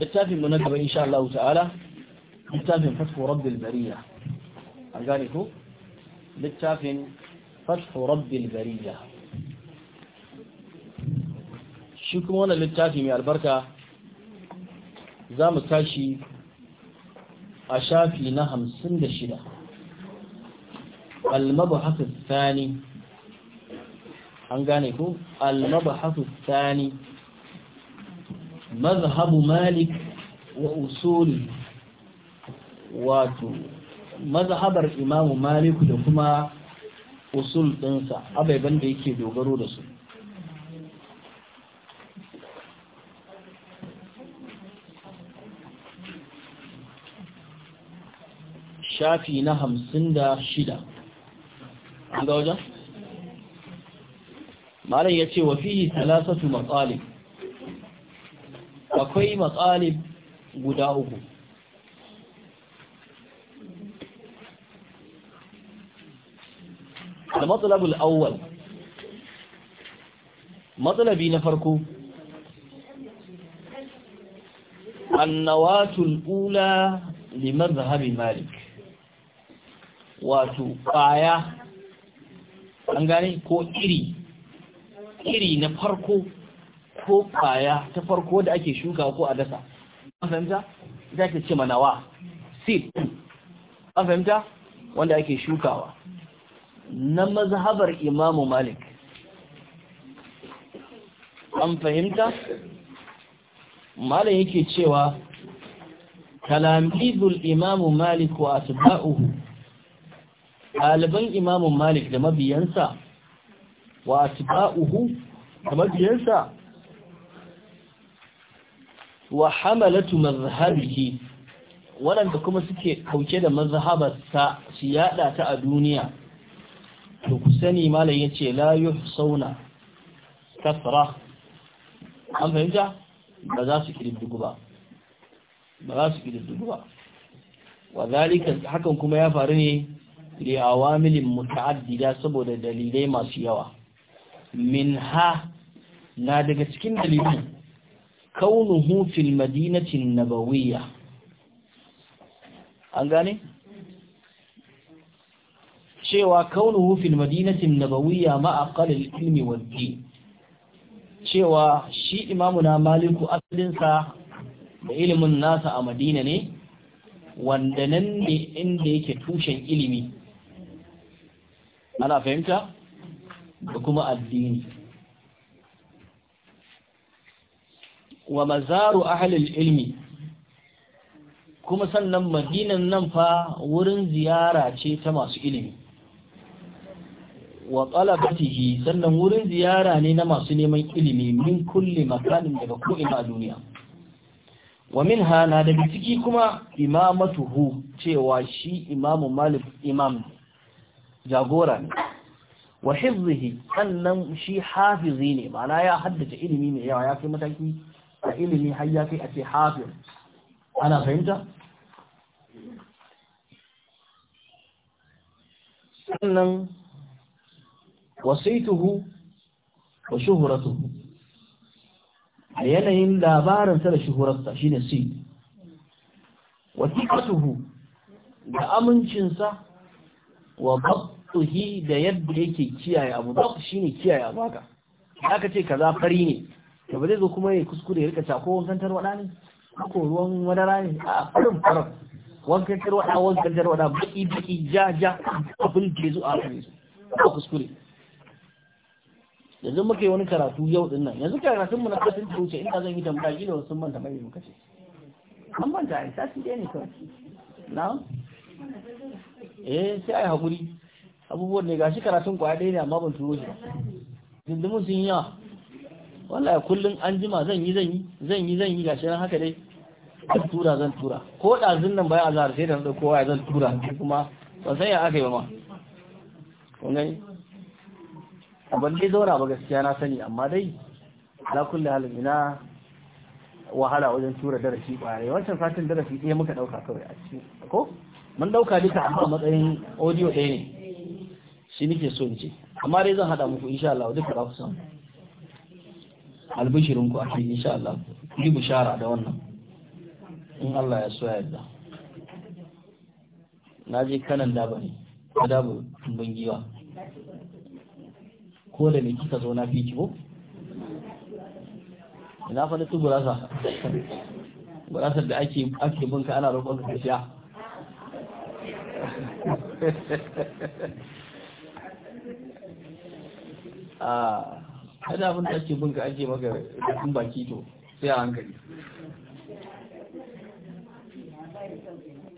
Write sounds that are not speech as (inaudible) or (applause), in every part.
littafin mu na gaba insha Allah ta'ala littafin fathu rabbil bariya an gane ko littafin fathu rabbil bariya shi kuma wannan littafi mai albarka za mu tashi a shafi na hamsin da shida المبحث الثاني an gane ko almaba tsani mazhabu malik wa usuli wato mazhabar imamu Malik da kuma usul ɗinsa ababen da yake dogaro da su shafi na hamsin da shida an ga ya ce wa fiye talasatu matsalin akwai matsalib guda uku المطلب الأول مطلبي نفركو النواة الأولى لمذهب مالك واتو قايا أنغاني كو إري إري نفركو ko ƙwaya ta farko da ake shuka ko a dasa an fahimta ita ake ce manawa seed an fahimta wanda ake shukawa na mazhabar imamu malik an fahimta Malik yake cewa talamizul imamu malik wa asba'uhu ɗaliban imamu malik da mabiyansa wa asba'uhu da mabiyansa wa hamalatu mazhabihi waɗanda kuma suke hauke da mazhabarsa su yada ta a duniya to ku sani malam yace la yuhsauna kasra an fahimta ba za su kididdigu ba ba za su kididdigu ba wa zalika hakan kuma ya faru ne li awamilin muta'addida saboda dalilai masu yawa Min ha! na daga cikin dalilin. kaunuhu fil madinatin nabawiyya an gane cewa kaunuhu fil madinatin nabawiyya ma ilmi waje. cewa shi imamu na maliku asalinsa da ilimin nasa a madina ne wanda nan ne inda yake tushen ilimi ana fahimta da kuma addini wa mazaru ahlil ilmi kuma sannan madinan nan fa wurin ziyara ce ta masu ilimi wa talabatihi sannan wurin ziyara ne na masu neman ilimi min kulli makanin daga ko'ina a duniya wa minha na da ciki kuma imamatuhu cewa shi imamu malik imam jagora ne wa hifzihi sannan shi hafizi ne ma'ana ya haddace ilimi mai yawa ya fi mataki a ilimi har ya kai a ce hafiz ana fahimta sannan wasaituhu wa shuhuratuhu a yanayin labaransa da shuhurarsa shine si wasiqatuhu da amincinsa wa babtuhi da yadda yake kiyaye abu babu shine kiyaye abu haka aka ce kaza fari ne to ba zai zo kuma ya kuskure ya rika ta ko wankan tarwada ne ko ruwan madara ne a farin farin wankan tarwada wankan tarwada baki baki ja ja abin da zo a kan su ko kuskure yanzu muka yi wani karatu yau din nan yanzu karatun mu na kasin wuce ina zan yi tambaya gida wasu manta mai muka ce an manta ai sati ɗaya ne kawai na eh sai ai hakuri abubuwan ne gashi karatun kwaya ɗaya ne amma ban turo shi ba dindimin sun yi yawa wallahi kullum an jima zan yi zan yi zan yi zan yi gashi nan haka dai zan tura zan tura ko ɗazun nan bai azhar sai da na waya zan tura kuma ban san ya aka yi ba ma kun gani ban dai ba gaskiya na sani amma dai na kulle halin ina wahala wajen tura darasi ƙware wancan satin darasi ɗaya muka ɗauka kawai a cikin ko mun ɗauka duka a matsayin audio ɗaya ne shi nake so in ce amma dai zan haɗa muku insha Allah duka za ku samu ku ake insha Allah yi bishara da wannan in Allah ya so yadda na je kanan daba ne ta daba tumbin giwa ko da me kika zo na fi ko ina fa tu gurasa gurasar da ake ake bin ka ana roƙon ka siya (laughs) ah kada abin da ake bin ka ake maka dafin baki to sai a hankali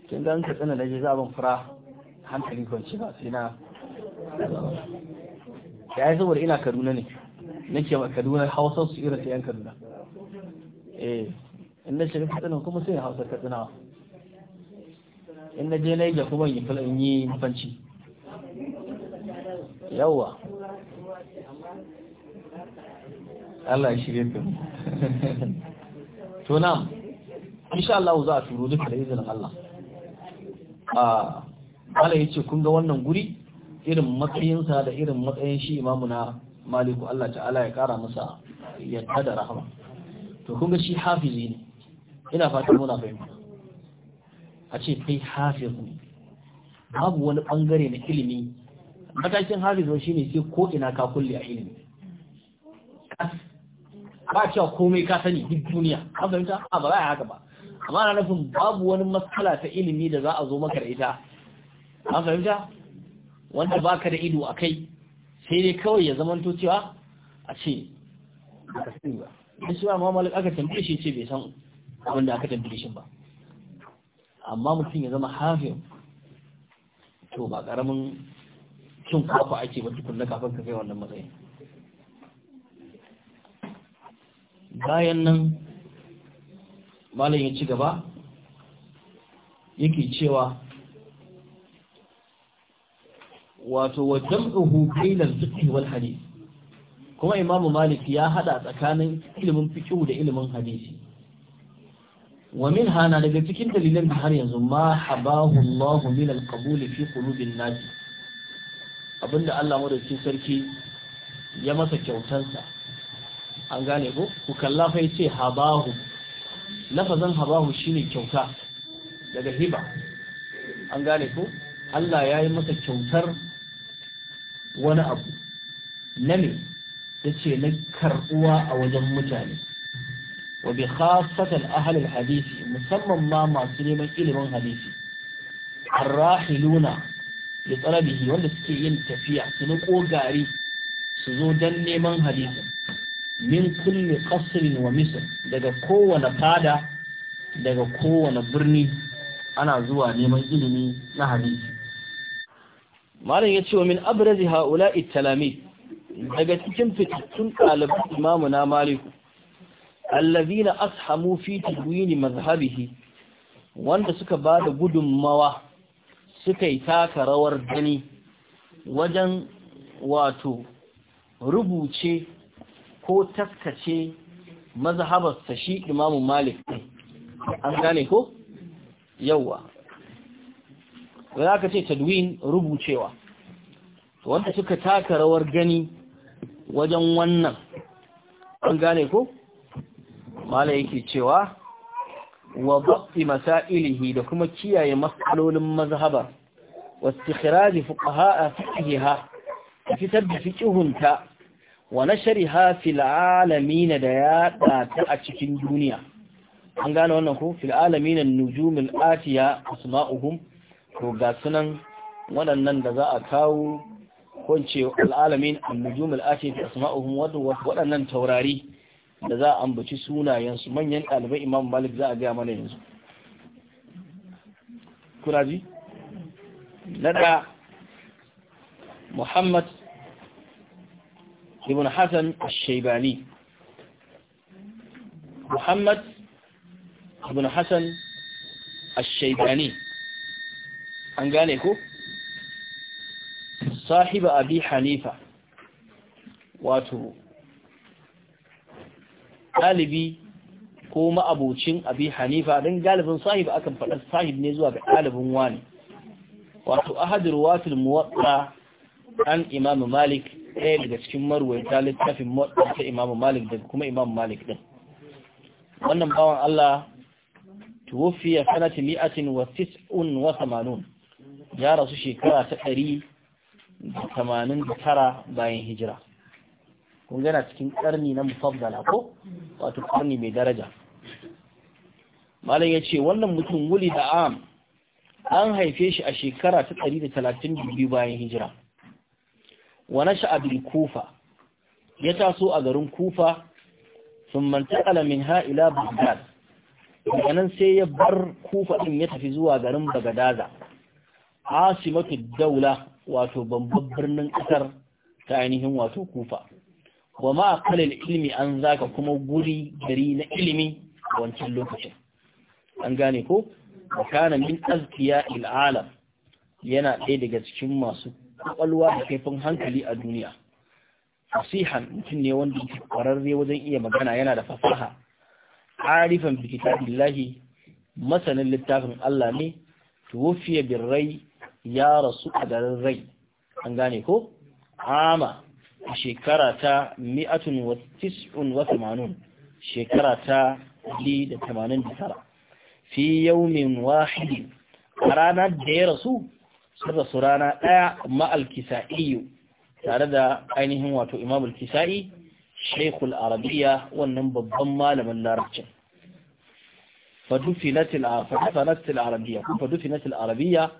kin an ka tsana da za ban fura hankali kwanci ba sai na ya yi saboda ina kaduna ne nake ma kaduna hausa su irin ta yan kaduna eh in na shiga katsina kuma sai hausa katsina in na je na yi kuma in yi mafanci yawwa Allah ya shirye ka to na insha Allah za a turo duka da izinin Allah a Allah ya ce kun ga wannan guri irin matsayinsa da irin matsayin shi imamu na maliku Allah ta'ala ya kara masa yadda da rahama to kun ga shi hafizi ne ina fatan muna fahimta a ce kai hafiz ne babu wani ɓangare na ilimi matakin hafiz shi ne sai ko ina ka kulle a ilimi ba cewa komai ka sani duk duniya an fahimta a ba za a haka ba amma na nufin babu wani matsala ta ilimi da za a zo maka da ita an fahimta wanda baka da ido a kai sai dai kawai ya zamanto cewa a ce ba ka sani ba da shi ba ma malik aka tambaye shi ce bai san abin da aka tambaye shi ba amma mutum ya zama hafin to ba karamin cin kwakwa ake ba tukun na kafin ka kai wannan matsayin bayan nan malam ya ci gaba yake cewa wato wa jam'uhu bainal fiqh wal hadith kuma imamu malik ya hada tsakanin ilimin fiqh da ilimin hadisi wa min hana daga cikin dalilan da har yanzu ma habahu Allah min al-qabul fi qulubin nas abinda Allah cikin sarki ya masa kyautansa an gane ko ku kalla fa yace habahu lafazan habahu shine kyauta daga hiba an gane ko Allah ya yi masa kyautar wani abu na me yace na karbuwa a wajen mutane wa bi khassatan ahlul hadisi musamman ma masu neman ilimin hadisi arrahiluna li talabihi wanda suke yin tafiya su ko gari su zo dan neman hadisin min kulli qasrin wa misr daga kowane fada daga kowane birni ana zuwa neman ilimi na hadisi malam ya ce wa min abrazi haula'i talami daga cikin fitattun ɗaliban imamu na maliku allazina ashamu fi tadwini mazhabihi wanda suka ba da gudunmawa suka yi taka rawar gani wajen wato rubuce ko taskace mazhabarsa shi imamu malik an gane ko yawa za ka ce tadwin rubucewa wanda suka taka rawar gani wajen wannan an gane ko malai yake cewa wa dabti masailihi da kuma kiyaye matsalolin mazhaba wa istikhraj ha, a fitar da hunta. wa shari'a filalami na da ya ta a cikin duniya an gane wannan ku? fil alamin an-nujumul atiya asma'uhum to ga sunan waɗannan da za a kawo kwance al'alamin annujumul Atiya da asma'uhum waɗannan taurari da za a ambaci sunayensu manyan ɗalibai imam malik za a gaya mana yanzu kuna ji na muhammad ibn Hassan al-Shaibani Muhammad ibn Hassan al-Shaibani an gane ku? sahiba abi hanifa wato ɗalibi ko ma'abocin abi hanifa don galibin sahib akan faɗa sahib ne zuwa ga ɗalibin wani wato ahadir wafil muwaɗa an imam malik ɗaya daga cikin marwaita littafin motsa ta imamu malik da kuma imamu malik ɗin wannan bawan Allah tuwofiya sanati mi'atin wa tis'un wa samanun ya rasu shekara ta ɗari da tamanin da tara bayan hijira kun gana cikin ƙarni na musabdala ko wato ƙarni mai daraja malam ya ce wannan mutum wuli da am an haife shi a shekara ta ɗari da talatin biyu bayan hijira wa nasha'a bil kufa ya taso a garin kufa sun mantakala min ha'ila bagdad daga nan sai ya bar kufa ɗin ya tafi zuwa garin bagadaza asimatu daula wato babban birnin ƙasar ta ainihin wato kufa wa ma kalil ilimi an zaka kuma guri gari na ilimi a wancan lokacin an gane ko kana min azkiya il'alam yana ɗaya daga cikin masu kwakwalwa da kaifin hankali a duniya asihan mutum ne wanda yake kwararre wajen iya magana yana da fasaha arifan bi kitabillahi masanin littafin Allah ne tuwafiya bin rai ya rasu a garin rai an gane ko ama a shekara ta 189 shekara ta tara fi yaumin wahidi a ranar da ya rasu sun rasu rana ɗaya ma'al kisa'iyu tare da ainihin wato imamul kisa'i shaikhul arabiya wannan babban malamin larabcin fadufinatil arabiya ko fadufinatil arabiya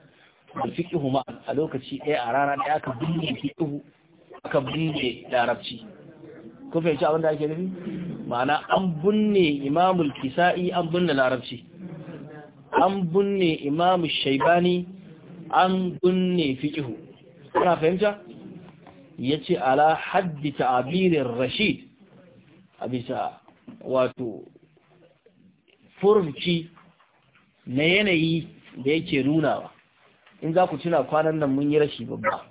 da fiƙihu ma a lokaci ɗaya a rana ɗaya aka binne fiƙihu aka binne larabci ko fahimci abin da ake nufi ma'ana an binne imamul kisa'i an binne larabci an binne imamu shaibani an kunne fikihu kuna fahimta ya ce ala haddi ta'abirin rashid a bisa wato furunci na yanayi da yake nunawa in za ku tuna kwanan nan mun yi rashi babba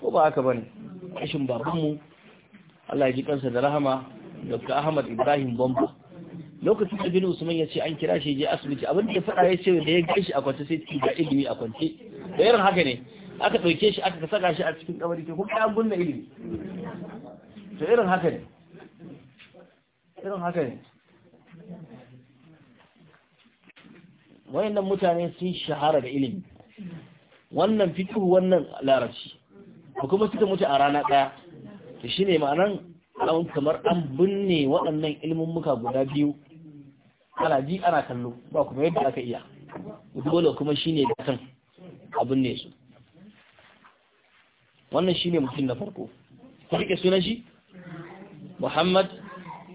ko ba haka bane rashin babanmu Allah ya ji kansa da rahama Dr. Ahmad Ibrahim Bamba lokacin da bin Usman ya ce an kira shi je asibiti abin da ya faɗa ya ce da ya gaishe a kwance sai ga ilimi a kwance da irin haka ne aka ɗauke shi aka saka shi a cikin kabari ke kuma ya gunna ilimi to irin haka ne irin haka ne wayannan mutane sun shahara da ilimi wannan fiqh wannan larabci ko kuma suka mutu a rana daya to shine ma'anan an kamar an binne waɗannan ilimin muka guda biyu ana ji ana kallo ba kuma yadda aka iya dole kuma shine da kan abin ne su wannan shine mutum na farko ku rike sunan shi Muhammad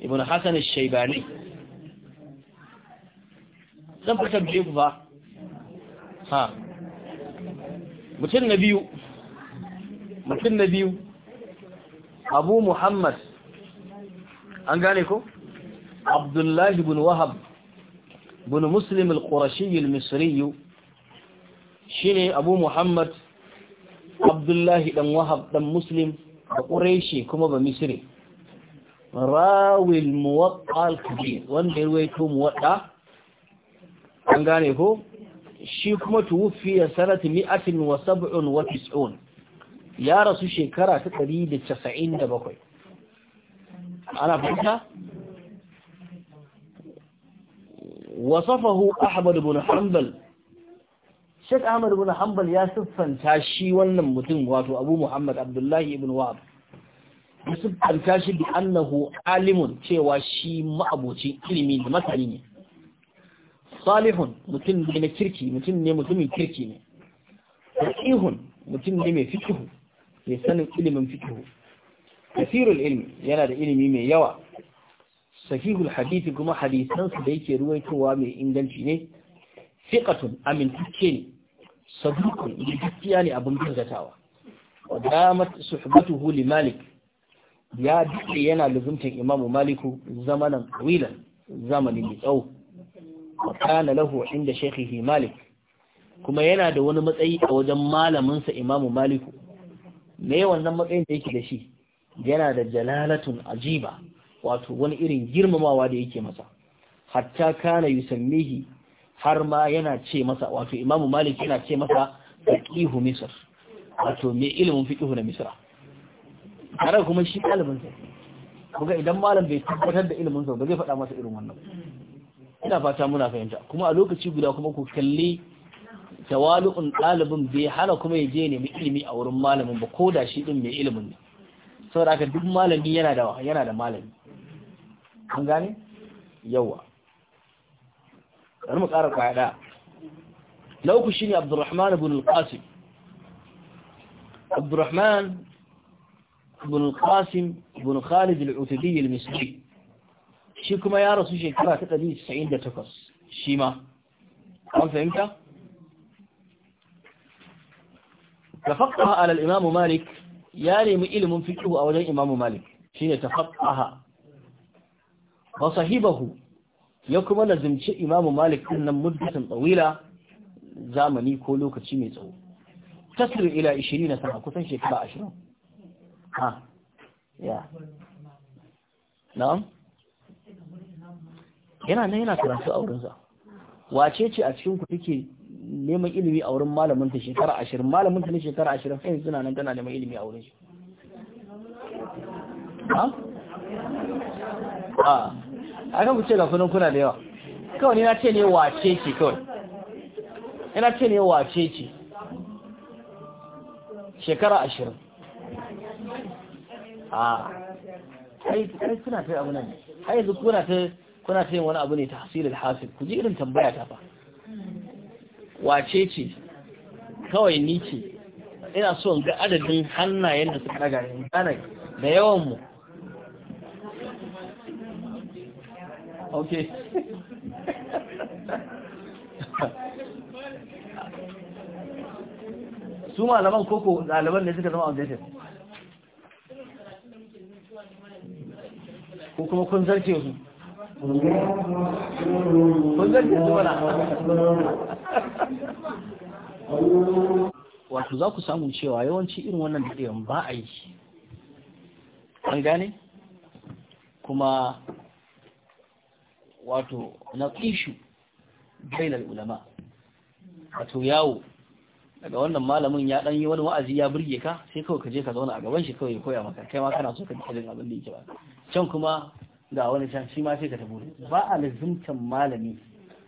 ibn Hassan al-Shaybani zan fita biye ku fa ha mutum na biyu mutum na biyu Abu Muhammad an gane ko Abdullah ibn Wahab ibn Muslim al-Qurashi al-Misri shine abu muhammad abdullahi dan wahab dan muslim da ƙureshi kuma ba misri rawil muwaqqal kabir wanda ya waito muwadda an gane ko shi kuma tuwfiya sanata mi'atin wa sab'un wa tis'un ya rasu shekara ta 197 ana fahimta wasafahu ahmad ibn hanbal Sheikh Ahmad ibn Hanbal ya siffanta shi wannan mutum wato Abu Muhammad Abdullahi ibn Wahab ya siffanta shi bi annahu alimun cewa shi ma'abocin ilimi da masani ne salihun mutum ne na kirki mutum ne mutumin kirki ne faqihun mutum ne mai fikihu mai sanin ilimin fikihu kasirul ilmi yana da ilimi mai yawa sahihul Hadithi kuma hadisansa da yake ruwaitowa mai inganci ne fikatun amintacce ne sadukun ne gaskiya ne abin gaskatawa wa damat suhbatuhu li malik ya dace yana luzumtar imamu maliku zamanan qawilan Zamanin mai tsawo wa kana lahu inda shaykhihi malik kuma yana da wani matsayi a wajen malamin sa imamu maliku me wannan matsayin da yake da shi yana da jalalatun ajiba wato wani irin girmamawa da yake masa hatta kana yusammihi har ma yana ce masa wato imamu malik yana ce masa faqihu misr wato me ilimin fiqihu na misra har kuma shi ɗalibin sa kuma idan malam bai tabbatar da ilimin sa ba zai faɗa masa irin wannan ina fata muna fahimta kuma a lokaci guda kuma ku kalli tawalu'un ɗalibin bai hana kuma ya je nemi ilimi a wurin malamin ba ko da shi din mai ilimin ne saboda haka duk malami yana da yana da malami an gane yawa bari mu ƙara kwaya ɗaya na uku shine abdurrahman ibn al-qasim abdurrahman ibn al-qasim ibn khalid al-utbi al-misri shi kuma ya rasu shekara ta 198 shi ma an fahimta tafaqaha ala al-imam malik ya nemi ilimin fiqh a wajen imam malik shine tafaqaha wa sahibahu ya kuma nazimci imamu malik din nan muddatin tsawila zamani ko lokaci mai tsawo tasiri ila 20 sana kusan shekara 20 ha ya na'am yana nan yana karatu a wurinsa wace ce a cikin ku take neman ilimi a wurin malamin ta shekara 20 malamin ta ne shekara 20 sai suna nan tana neman ilimi a wurin shi ha a kan ku ce ga sunan kuna da yawa kawai ni na ce ne wace ce kawai ina ce ne wace ce shekara ashirin a ai suna ta abu nan ai yanzu kuna ta kuna ta yin wani abu ne ta hasilul hasil ku ji irin tambaya ta fa wace ce kawai ni ce ina so ga adadin hannayen da suka daga ne da yawan mu ok su malaman koko daliban ne suka zama objective ko kuma kun zarce su kun zarce su mana wato za ku samu cewa yawanci irin wannan da ba a yi an gane kuma wato naqishu bainal ulama wato yawo daga wannan malamin ya dan yi wani wa'azi ya burge ka sai kawai ka je ka zauna a gaban shi kawai ya koya maka kai ma kana so ka ji abin da yake ba can kuma ga wani can shi ma sai ka tabo ba a lazimtan malami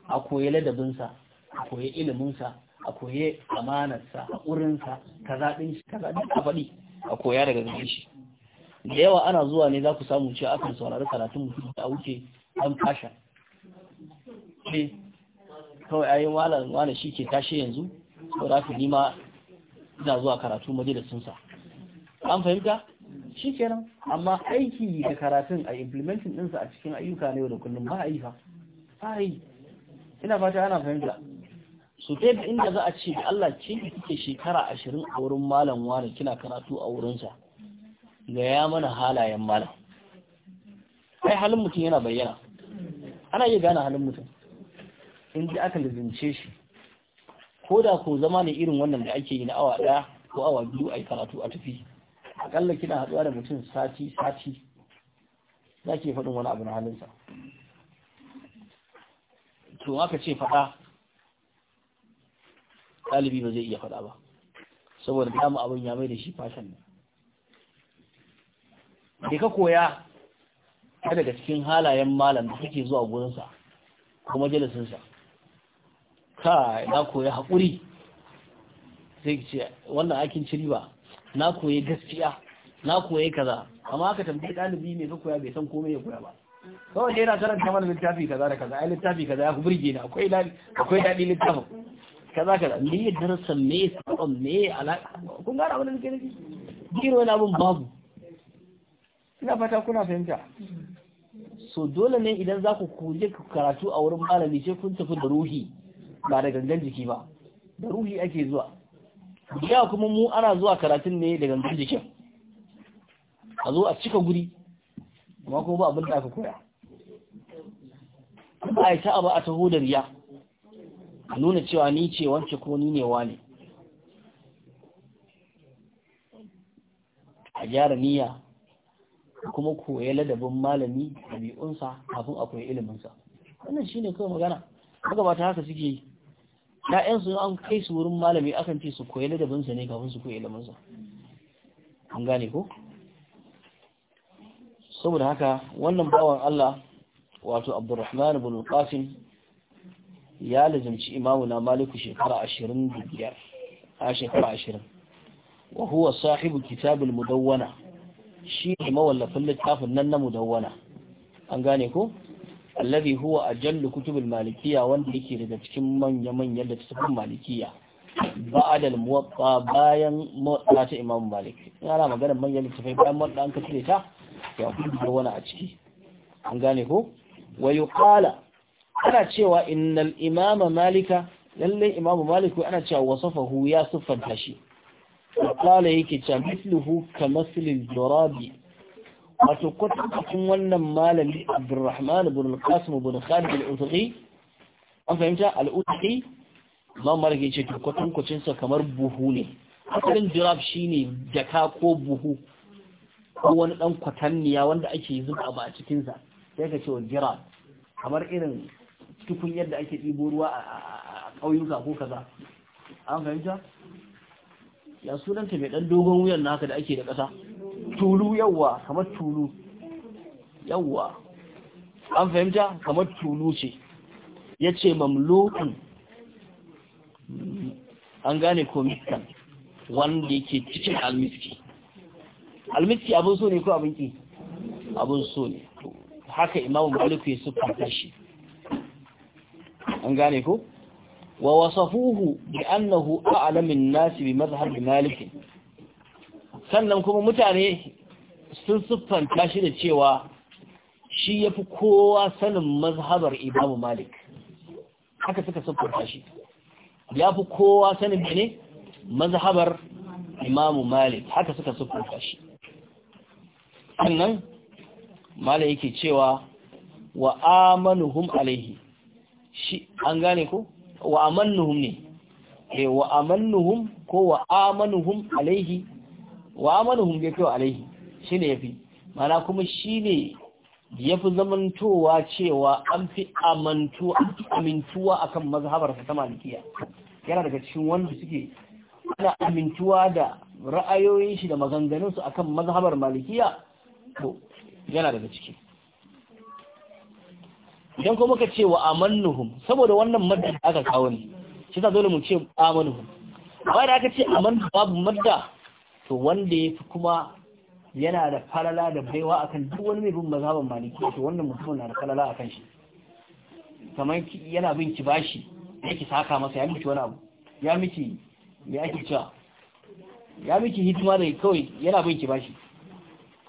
a koyi ladabinsa a koyi iliminsa a koyi amanarsa a ƙurinsa ta ɗin shi a faɗi a koya daga gare shi da yawa ana zuwa ne za ku samu cewa akan saurari karatun mutum da wuce an fasha kuɗi kawai ayin wala wani shi ke tashi yanzu ko da ni ma ina zuwa karatu majalisun sa an fahimta shi kenan amma aiki da karatun a implementing ɗinsa a cikin ayyuka ne da kullum ba a yi fa yi ina fata ana fahimta su ta yadda inda za a ce Allah ce kike shekara ashirin a wurin malam wani kina karatu a wurinsa ga ya mana halayen malam ai halin mutum yana bayyana ana iya gane halin mutum in ji aka lizince shi ko da ko zama ne irin wannan da ake yi na awa ɗaya ko awa biyu a yi karatu a tafi akalla kina haɗuwa da mutum sati sati za ki faɗin wani abu na halinsa to aka ce faɗa ɗalibi ba zai iya faɗa ba saboda dama abin ya mai da shi fashin ne da ka koya daga cikin halayen malam da suke zuwa gurinsa ko majalisinsa ka na koyi haƙuri sai ki ce wannan aikin ciri ba na koyi gaskiya na koyi kaza amma aka tambayi ɗalibi mai ka koya bai san komai ya koya ba kawai yana karanta mana littafi kaza da kaza ai littafi kaza ya fi burge ni akwai akwai daɗi littafin kaza kaza me ya darasan me ya sabon me ya alaƙa kun gara wani nake nufi giro yana bin babu ina fata kuna fahimta so dole ne idan za ku kuje karatu a wurin malami sai kun tafi da ruhi ba da gangan jiki ba da ruhi ake zuwa ya kuma mu ana zuwa karatun ne da gangan jikin a zo a cika guri amma kuma ba abin da aka koya ba a yi ta abu a taho da riya a nuna cewa ni ce wance ko ni ne wane a gyara niyya kuma koya ladabin malami bi'unsa kafin a koya iliminsa wannan shine kawai magana magabata haka suke yi su an kai su wurin malami akan ce su koyi ladabinsa ne kafin su koyi iliminsa an gane ko saboda haka wannan bawan Allah wato Abdurrahman ibn Qasim ya lazimci imamu na Maliku shekara 25 a shekara 20 wa huwa sahibu kitabul mudawwana shi ne mawallafin littafin nan na mudawwana an gane ko alladhi huwa ajallu kutubul malikiya wanda yake daga cikin manya-manyan littattafan malikiya ba'da al-muwatta bayan muwatta ta Imam Malik yana magana manyan littattafai bayan muwatta an kace ta ya kuma wani a ciki an gane ko wa yuqala ana cewa innal imama malika lalle imamu maliku ana cewa wasafahu ya siffanta shi qala yake cewa mithluhu kamathli al-jurabi wato cikin wannan malami abdurrahman ibn al-qasim ibn khalid al-utaqi an fahimta al-utaqi imam malik yace to kwatankwacin sa kamar buhu ne asalin dirab shine jaka ko buhu ko wani dan kwatanniya wanda ake zuba ba a cikin sa sai ka ce wa dirab kamar irin tukunyar da ake ɗibo ruwa a ƙauyuka ko kaza an fahimta ya sunanta mai dan dogon wuyan naka da ake da ƙasa tulu yawa kamar tulu yawa an fahimta kamar tulu ce ya ce mamlokun an gane ko wanda yake cikin almiski almiski abin so ne ko abin ki abin so ne haka imamu maliku ya siffanta shi an gane ko wa wasafuhu bi annahu a'lamin nasi bi mazhab malikin sannan kuma mutane sun siffanta shi da cewa shi ya fi kowa sanin mazhabar imamu malik haka suka siffanta shi ya fi kowa sanin ne mazhabar imamu malik haka suka siffanta shi sannan malik yake cewa wa amanuhum alaihi shi an gane ko wa amannuhum ne eh wa amannuhum ko wa amanuhum alaihi wa amaluhum bi kai alaihi shine yafi mana kuma shine yafi zamantowa cewa an fi amantu an fi amintuwa akan mazhabar ta malikiya yana daga cikin wanda suke ana amintuwa da ra'ayoyin shi da maganganun su akan mazhabar malikiya to yana daga ciki idan kuma muka ce wa amannuhum saboda wannan madda aka kawo ne shi ta dole mu ce amanuhum amma da aka ce amannu babu madda to wanda ya fi kuma yana da falala da baiwa akan duk wani mai bin mazhaban maliki to wannan mutumin na da falala akan shi kamar yana bin ki bashi yake saka masa ya miki wani abu ya miki me ake cewa ya miki hidima da kawai yana bin ki bashi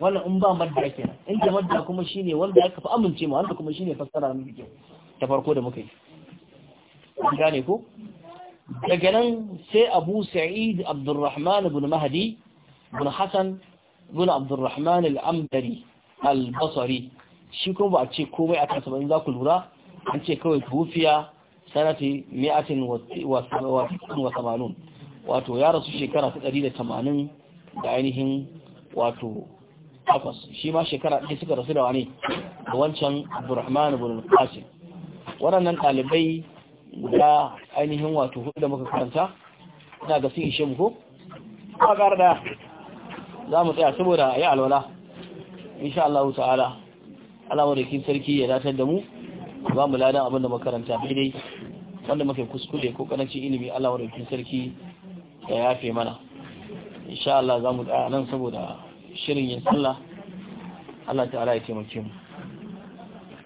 wannan in ba madda kenan in da madda kuma shine wanda aka fi amince ma wanda kuma shine fassara na bikin ta farko da muka yi gane ko daga nan sai Abu Sa'id Abdurrahman ibn Mahdi bin hassan bin abdurrahman al'amdari al-basari shi kuma ba a ce komai a kansa ba in za ku lura an ce kawai tufiya sanati mi'atin wa samanun wato ya rasu shekara ta ɗari da tamanin da ainihin wato takwas shi ma shekara ɗaya suka rasu da wani da wancan abdurrahman bin qasim waɗannan ɗalibai guda ainihin wato hudu da muka karanta ina ga sun ishe muku. ba ƙara ɗaya za mu tsaya saboda ya alwala insha Allah ta'ala Allah da sarki ya datar da mu ba mu ladan abin da makaranta daidai wanda muke kuskure ko karancin ilimi Allah da sarki ya yafe mana insha Allah za mu tsaya nan saboda shirin yin sallah Allah ta'ala ya taimake mu